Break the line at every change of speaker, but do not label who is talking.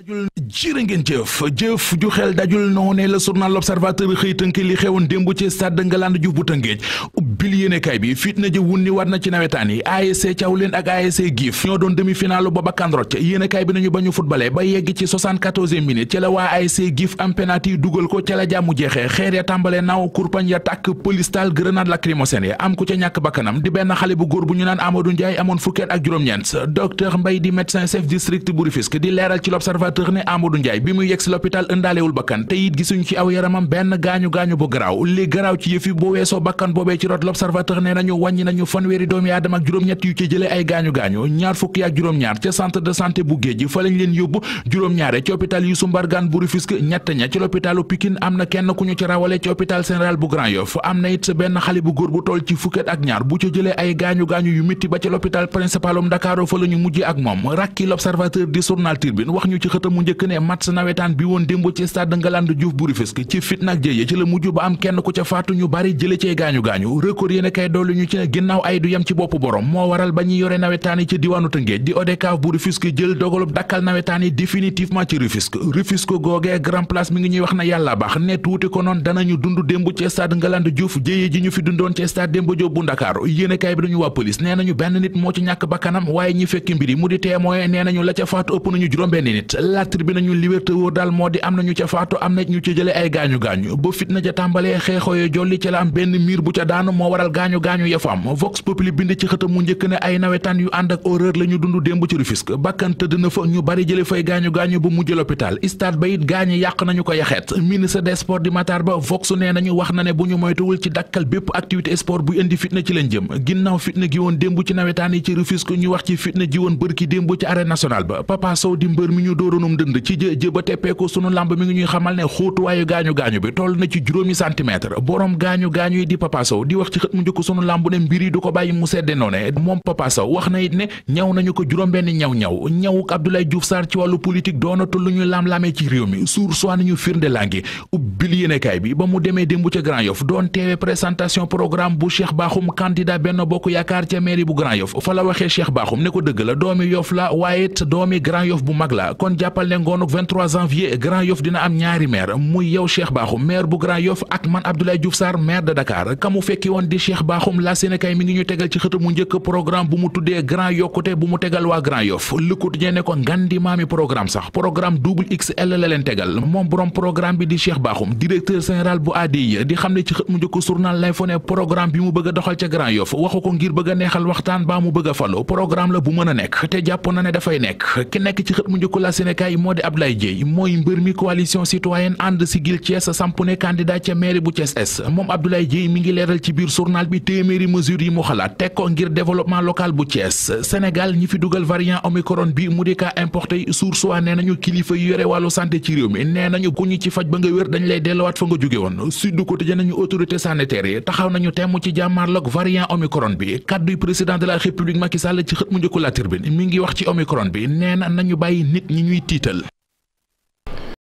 dajul jërë ngeen jëf jëf ju xel dajul noonee la journal l'observateur xëy tënk li xewoon démb ci stade Ngalandou Diouf bu Tëngéej pil yéenekaay bi fitna ji wunni war na ci nawetaan yi ASC Thiawlène ak ASC Giff ñoo doon demi-finaalu Babakan Roch yéenekaay bi nañu ba ñu footballé ba yegg ci 74e waa ASC Giff am penalty dugal ko ca la jàmmu xeer ya tàmbale naaw kurpañ ya tàkk pëlis taal grenade ya am ku ca ñàkk bakkanam di benn xale bu góor bu ñu naan Amadou Ndiaye amoon fukkeet ak juróom-ñeent docteur Mbaye di médecin chef district bu di leeral ci l'observateur l'observateur nee nañu wàññi nañu fanweeri doomi aadama ak juróom-ñett yu ci jëlee ay gaañu gaañu ñaar fukki ak juróom-ñaar ca centre de santé bu géej fa lañ leen ñett ña ci l'hôpitalu Pikine am na kenn ku ñu ci rawale ci hôpital général bu Grand Yoff am na it sa benn xale bu góor bu toll ci fukkat ak ñaar bu ci jëlee ay gaañu gaañu yu métti ba ci l'hôpital principalum Dakar fa la ñu mujj ak moom rakki l'observateur di journal Tribune wax ñu ci xëtam mu njëkk ne match nawetaan bi woon démb ci stade Ngalandou Diouf bu Rufisque ci fitna ak jëye ci la am kenn ku ca faatu ñu bari jëlee ci gaañu gaañu record yéen a kay doolu ñu ci ne ay du yem ci boppu borom moo waral ba ñuy yore nawetaan yi ci diwaanu Tëngéej di ODCAV bu Rufisque jël dogalub dakkal nawetaan yi définitivement ci Rufisque Rufisque googee grand place mi ngi ñuy wax na yàlla baax ne tuuti ko noon danañu dund démb ci stade Ngalandou Diouf jéyee ji ñu fi dundoon ci stade Demba Diop bu Ndakaaru yéen kay bi dañu waa police nee nañu benn nit moo ci ñàkk bakkanam waaye ñi fekk mbir mu di témoin waral gaañu gaañu yefu am vox populi bind ci xëtam mu njëkk ne ay nawetaan yu ànd ak horreur la ñu dund démb ci Rufisque bakkan tëdd na ñu bari jële fay gaañu gaañu ba mujj l'hôpital stade ba it gaañu yàq nañu ko yaxeet ministre des sports di Matar Ba vox nee nañu wax na ne bu ñu moytuwul ci dakkal bépp activité sport bu indi fitna ci lañ jëm ginnaaw fitna gi woon démb ci nawetaan yi ci Rufisque ñu wax ci fitna ji woon bërki démb ci arène nationale ba Papa Sow mi ñu dóoróonum dënd ci jë jëba teppeeku sunu lamb mi ngi ñuy xamal ne xóotuwaayu gaañu gaañu bi toll na ci juróomi centimètre borom gaañu gaañu yi di Papa Sow di wax ci xët mu njëkk sunu làmb ne mbir yi du ko bàyyi mu sedde noone moom Papa Sow wax na it ne ñaw nañu ko juróom-benn ñaw ñaw ñawuk Abdoulaye Diouf ci wàllu politique doonatul lu ñu lam-lamee ci réew mi suur soi nañu firnde langi ubbil yéenekaay bi ba mu demee démb ca Grand Yoff doon teewe présentation programme bu Cheikh Bakhoum candidat Benno Bokk Yaakaar ca mairie bu Grand Yoff fa la waxee Cheikh Bakhoum ne ko dëgg la doomi Yoff la waaye it doomi Grand Yoff bu mag la kon jàppal ne ngoonuk 23 janvier Grand am ñaari maire muy yow Cheikh Bakhoum maire bu Grand Yoff ak man Abdoulaye Diouf Sarr maire de Dakar kamu fekki di Cheikh Bakhoum la Sénégal mi ngi ñu tegal ci xët mu njëkk programme bu mu tuddee grand yokkute bu mu tegal waa Grand Yoff Le Quotidien ko ngandi programme sax programme XL la leen tegal moom borom programme bi di Cheikh Bakhoum directeur général bu ADI di xam ne ci xët mu njëkk journal L'Info ne programme bi mu bëgg a doxal ca Grand Yoff waxu ko ngir bëgg a neexal waxtaan baa mu bëgg a falo programme la bu mën a nekk te jàpp na ne dafay ne journal bi téeméeri mesure yi mu xalaat teg ko ngir développement local bu Thiès Sénégal ñi fi dugal variant omicron bi mu di cas importé source waa nee nañu kilifa yu yore wàllu santé ci réew mi nee nañu ku ñu ci faj ba nga wér dañ lay delluwaat fa nga jóge woon Sud Quotidien nañu autorité sanitaire yi taxaw nañu temm ci jàmmarloog variant omicron bi kadduy président de la république Macky Sall ci xët mu njëkku la tribune mi ngi wax ci omicron na nañu bàyyi nit ñi ñuy